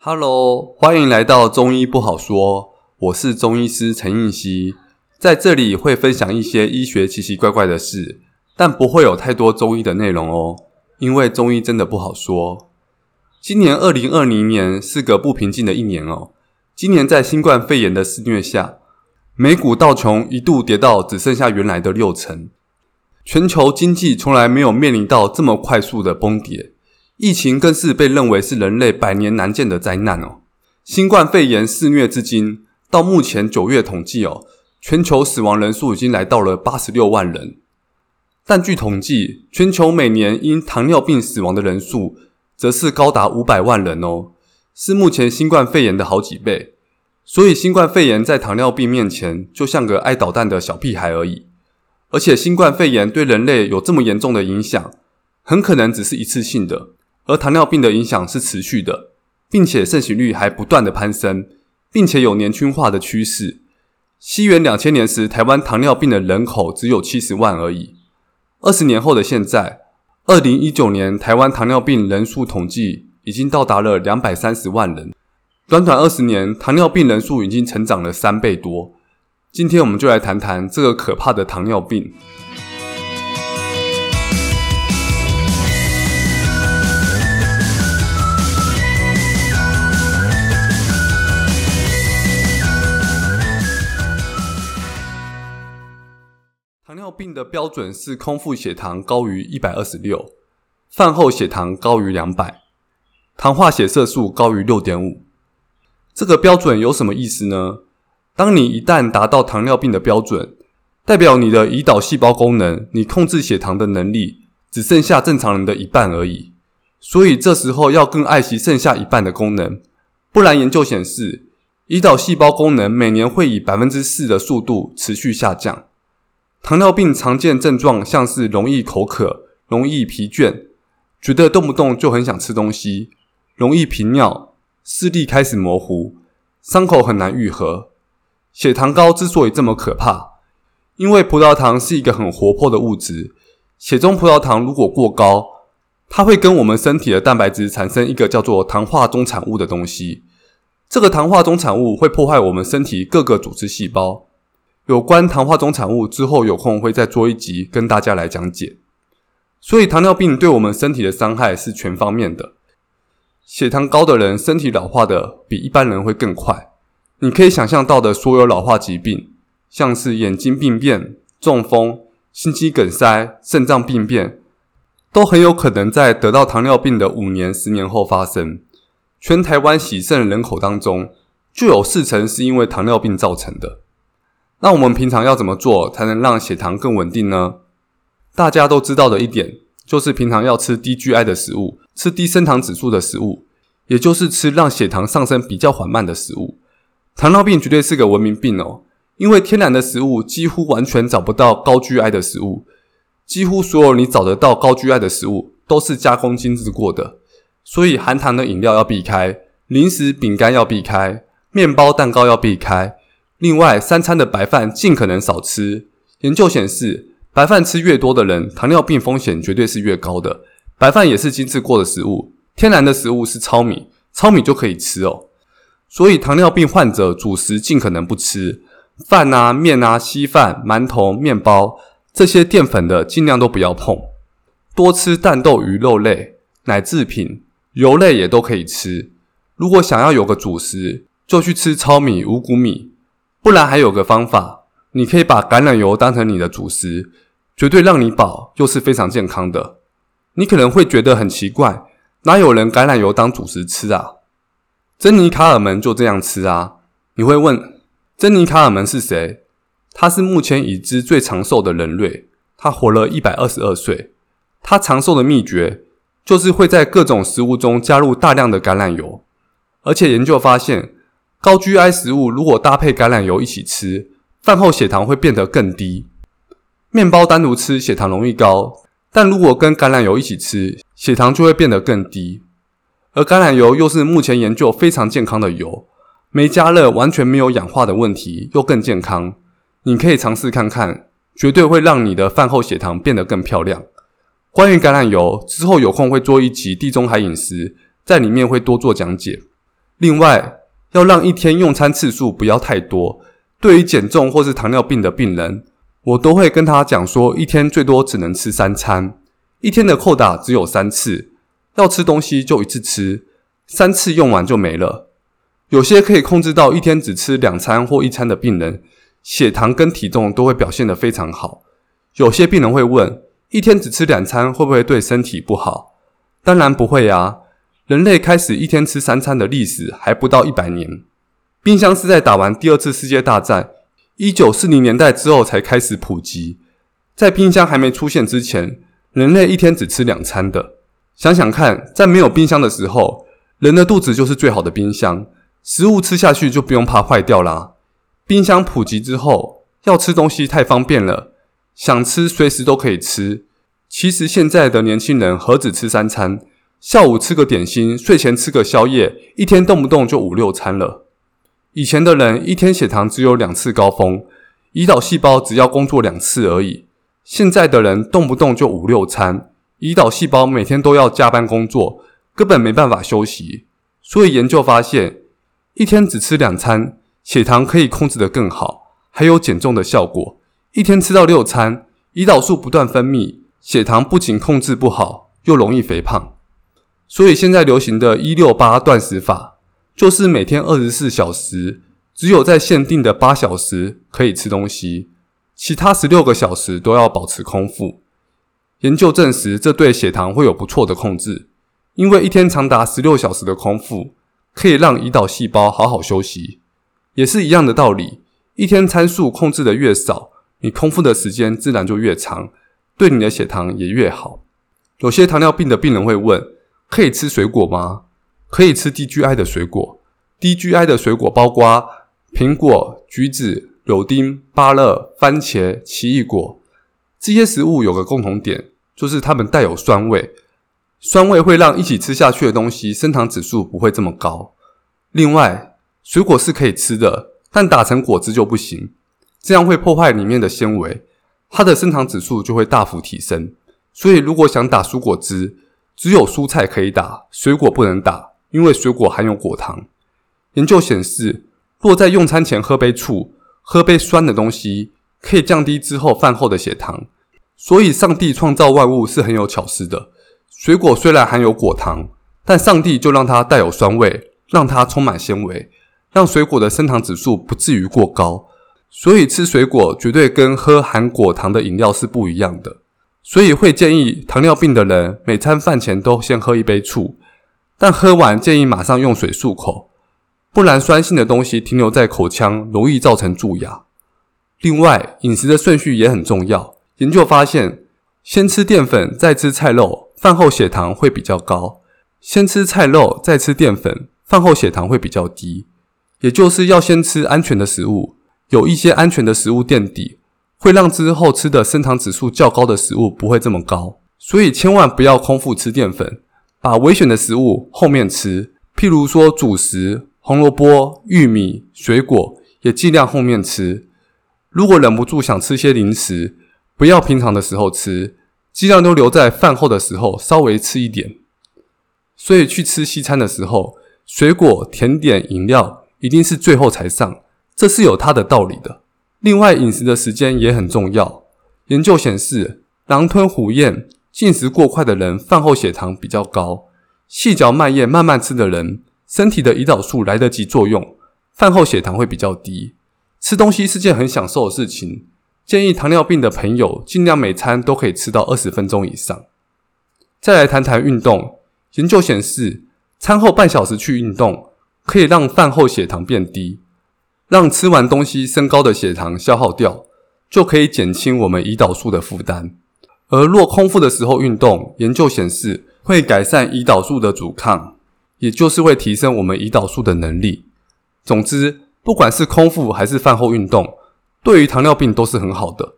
Hello，歡迎來到中醫不好說。我是中醫師陳應希，在這裡會分享一些醫學奇奇怪怪的事，但不會有太多中醫的內容哦，因為中醫真的不好說。今年二零二零年是個不平靜的一年哦。今年在新冠肺炎的肆虐下，美股道瓊一度跌到只剩下原來的六成，全球經濟從來沒有面臨到這麼快速的崩跌。疫情更是被認為是人類百年難見的災難哦。新冠肺炎肆虐至今，到目前九月統計哦，全球死亡人數已經來到了八十六萬人。但據統計，全球每年因糖尿病死亡的人數則是高達五百萬人哦，是目前新冠肺炎的好幾倍。所以新冠肺炎在糖尿病面前就像個愛搗蛋的小屁孩而已。而且新冠肺炎對人類有這麼嚴重的影響，很可能只是一次性的。而糖尿病的影響是持續的，並且盛行率還不斷的攀升，並且有年輕化的趨勢。西元兩千年時，台灣糖尿病的人口只有七十萬而已。二十年後的現在，二零一九年台灣糖尿病人數統計已經到達了兩百三十萬人。短短二十年，糖尿病人數已經成長了三倍多。今天我們就來談談這個可怕的糖尿病。糖尿病的標準是空腹血糖高於一百二十六，飯後血糖高於兩百，糖化血色素高於六點五。這個標準有什麼意思呢？當你一旦達到糖尿病的標準，代表你的胰島細胞功能，你控制血糖的能力只剩下正常人的一半而已。所以這時候要更愛惜剩下一半的功能，不然研究顯示，胰島細胞功能每年會以百分之四的速度持續下降。糖尿病常見症狀像是容易口渴、容易疲倦、覺得動不動就很想吃東西、容易頻尿、視力開始模糊、傷口很難癒合。血糖高之所以這麼可怕，因為葡萄糖是一個很活潑的物質，血中葡萄糖如果過高，它會跟我們身體的蛋白質產生一個叫做糖化終產物的東西。這個糖化終產物會破壞我們身體各個組織細胞。有關糖化終產物，之後有空會再做一集跟大家來講解。所以，糖尿病對我們身體的傷害是全方面的。血糖高的人，身體老化的比一般人會更快。你可以想象到的所有老化疾病，像是眼睛病變、中風、心肌梗塞、腎臟病變，都很有可能在得到糖尿病的五年、十年後發生。全台灣洗腎人口當中，就有四成是因為糖尿病造成的。那我們平常要怎麼做才能讓血糖更穩定呢？大家都知道的一點就是平常要吃低 GI 的食物，吃低升糖指數的食物，也就是吃讓血糖上升比較緩慢的食物。糖尿病絕對是個文明病哦，因為天然的食物幾乎完全找不到高 GI 的食物，幾乎所有你找得到高 GI 的食物都是加工精製過的，所以含糖的飲料要避開，零食、餅乾要避開，麵包、蛋糕要避開。另外，三餐的白飯盡可能少吃。研究顯示，白飯吃越多的人，糖尿病風險絕對是越高的。白飯也是精製過的食物，天然的食物是糙米，糙米就可以吃哦。所以，糖尿病患者主食盡可能不吃。飯啊、麵啊、稀飯、饅頭、麵包這些澱粉的，盡量都不要碰。多吃蛋、豆、魚、肉類、奶製品、油類也都可以吃。如果想要有個主食，就去吃糙米、五穀米。不然還有個方法，你可以把橄欖油當成你的主食，絕對讓你飽，又是非常健康的。你可能會覺得很奇怪，哪有人橄欖油當主食吃啊？珍妮卡爾門就這樣吃啊。你會問，珍妮卡爾門是誰？他是目前已知最長壽的人類，他活了一百二十二歲。他長壽的秘訣就是會在各種食物中加入大量的橄欖油，而且研究發現。高 GI 食物如果搭配橄欖油一起吃，飯後血糖會變得更低。麵包單獨吃血糖容易高，但如果跟橄欖油一起吃，血糖就會變得更低。而橄欖油又是目前研究非常健康的油，沒加熱，完全沒有氧化的問題，又更健康。你可以嘗試看看，絕對會讓你的飯後血糖變得更漂亮。關於橄欖油，之後有空會做一集地中海飲食，在裡面會多做講解。另外，要讓一天用餐次數不要太多。對於減重或是糖尿病的病人，我都會跟他講說，一天最多只能吃三餐，一天的扣打只有三次，要吃東西就一次吃，三次用完就沒了。有些可以控制到一天只吃兩餐或一餐的病人，血糖跟體重都會表現得非常好。有些病人會問，一天只吃兩餐會不會對身體不好？當然不會啊。人類開始一天吃三餐的歷史還不到一百年，冰箱是在打完第二次世界大戰，一九四零年代之後才開始普及。在冰箱還沒出現之前，人類一天只吃兩餐的。想想看，在沒有冰箱的時候，人的肚子就是最好的冰箱，食物吃下去就不用怕壞掉啦。冰箱普及之後，要吃東西太方便了，想吃隨時都可以吃。其實現在的年輕人何止吃三餐？下午吃個點心，睡前吃個宵夜，一天動不動就五六餐了。以前的人一天血糖只有兩次高峰，胰島細胞只要工作兩次而已。現在的人動不動就五六餐，胰島細胞每天都要加班工作，根本沒辦法休息。所以研究發現，一天只吃兩餐，血糖可以控制得更好，還有減重的效果。一天吃到六餐，胰島素不斷分泌，血糖不僅控制不好，又容易肥胖。所以現在流行的一六八斷食法，就是每天二十四小時，只有在限定的八小時可以吃東西，其他十六個小時都要保持空腹。研究證實，這對血糖會有不錯的控制，因為一天長達十六小時的空腹，可以讓胰島細胞好好休息。也是一樣的道理，一天餐數控制得越少，你空腹的時間自然就越長，對你的血糖也越好。有些糖尿病的病人會問，可以吃水果嗎？可以吃低 GI 的水果。低 GI 的水果包括蘋果、橘子、柳丁、芭樂、番茄、奇異果。這些食物有個共同點，就是它們帶有酸味。酸味會讓一起吃下去的東西升糖指數不會這麼高。另外，水果是可以吃的，但打成果汁就不行。這樣會破壞裡面的纖維，它的升糖指數就會大幅提升。所以，如果想打蔬果汁，只有蔬菜可以打，水果不能打，因為水果含有果糖。研究顯示，若在用餐前喝杯醋，喝杯酸的東西，可以降低之後飯後的血糖。所以，上帝創造萬物是很有巧思的。水果雖然含有果糖，但上帝就讓它帶有酸味，讓它充滿纖維，讓水果的升糖指數不至於過高。所以，吃水果絕對跟喝含果糖的飲料是不一樣的。所以會建議糖尿病的人每餐飯前都先喝一杯醋，但喝完建議馬上用水漱口，不然酸性的東西停留在口腔容易造成蛀牙。另外，飲食的順序也很重要。研究發現，先吃澱粉再吃菜肉，飯後血糖會比較高；先吃菜肉再吃澱粉，飯後血糖會比較低。也就是要先吃安全的食物，有一些安全的食物墊底。會讓之後吃的升糖指數較高的食物不會這麼高，所以千萬不要空腹吃澱粉，把危險的食物後面吃，譬如說主食、紅蘿蔔、玉米、水果也盡量後面吃。如果忍不住想吃些零食，不要平常的時候吃，盡量都留在飯後的時候稍微吃一點。所以去吃西餐的時候，水果、甜點、飲料一定是最後才上，這是有它的道理的。另外，飲食的時間也很重要。研究顯示，狼吞虎嚥、進食過快的人，飯後血糖比較高；細嚼慢嚥、慢慢吃的人，身體的胰島素來得及作用，飯後血糖會比較低。吃東西是件很享受的事情，建議糖尿病的朋友盡量每餐都可以吃到二十分鐘以上。再來談談運動，研究顯示，餐後半小時去運動，可以讓飯後血糖變低。讓吃完東西升高的血糖消耗掉，就可以減輕我們胰島素的負擔。而若空腹的時候運動，研究顯示會改善胰島素的阻抗，也就是會提升我們胰島素的能力。總之，不管是空腹還是飯後運動，對於糖尿病都是很好的。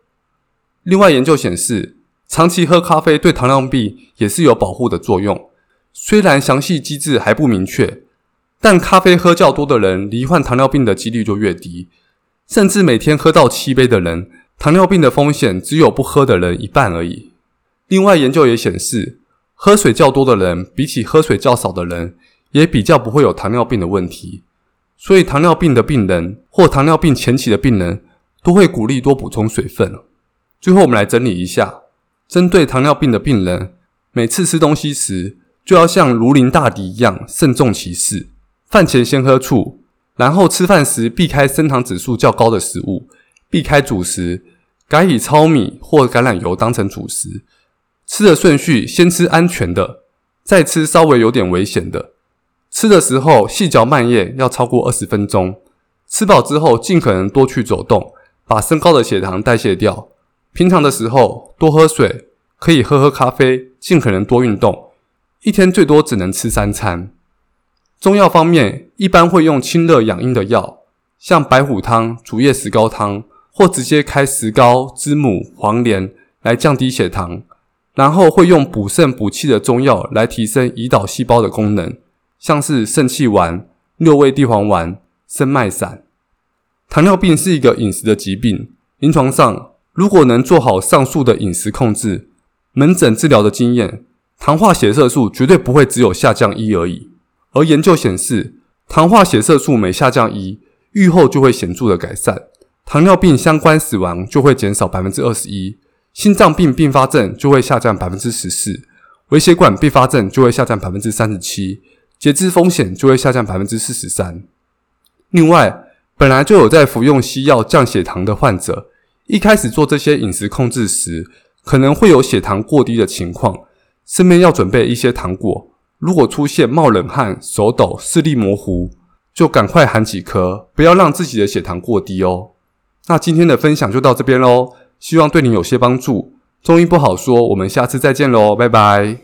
另外，研究顯示，長期喝咖啡對糖尿病也是有保護的作用，雖然詳細機制還不明確。但咖啡喝較多的人，罹患糖尿病的幾率就越低。甚至每天喝到七杯的人，糖尿病的風險只有不喝的人一半而已。另外，研究也顯示，喝水較多的人，比起喝水較少的人，也比較不會有糖尿病的問題。所以，糖尿病的病人或糖尿病前期的病人，都會鼓勵多補充水分。最後，我們來整理一下：針對糖尿病的病人，每次吃東西時，就要像如臨大敵一樣，慎重其事。飯前先喝醋，然後吃飯時避開升糖指數較高的食物，避開主食，改以糙米或橄欖油當成主食。吃的順序先吃安全的，再吃稍微有點危險的。吃的時候細嚼慢咽，要超過二十分鐘。吃飽之後盡可能多去走動，把升高的血糖代謝掉。平常的時候多喝水，可以喝喝咖啡，盡可能多運動，一天最多只能吃三餐。中藥方面，一般會用清熱養陰的藥，像白虎湯、竹葉石膏湯，或直接開石膏、知母、黃連來降低血糖。然後會用補腎補氣的中藥來提升胰島細胞的功能，像是腎氣丸、六味地黃丸、生脈散。糖尿病是一個飲食的疾病，臨床上如果能做好上述的飲食控制，門診治療的經驗，糖化血色素絕對不會只有下降一而已。而研究顯示，糖化血色素每下降一，預後就會顯著的改善，糖尿病相關死亡就會減少百分之二十一，心臟病併發症就會下降百分之十四，微血管併發症就會下降百分之三十七，截肢風險就會下降百分之四十三。另外，本來就有在服用西藥降血糖的患者，一開始做這些飲食控制時，可能會有血糖過低的情況，身邊要準備一些糖果。如果出現冒冷汗、手抖、視力模糊，就趕快含幾顆，不要讓自己的血糖過低哦。那今天的分享就到這邊嘍，希望對你有些幫助。中醫不好說，我們下次再見嘍，拜拜。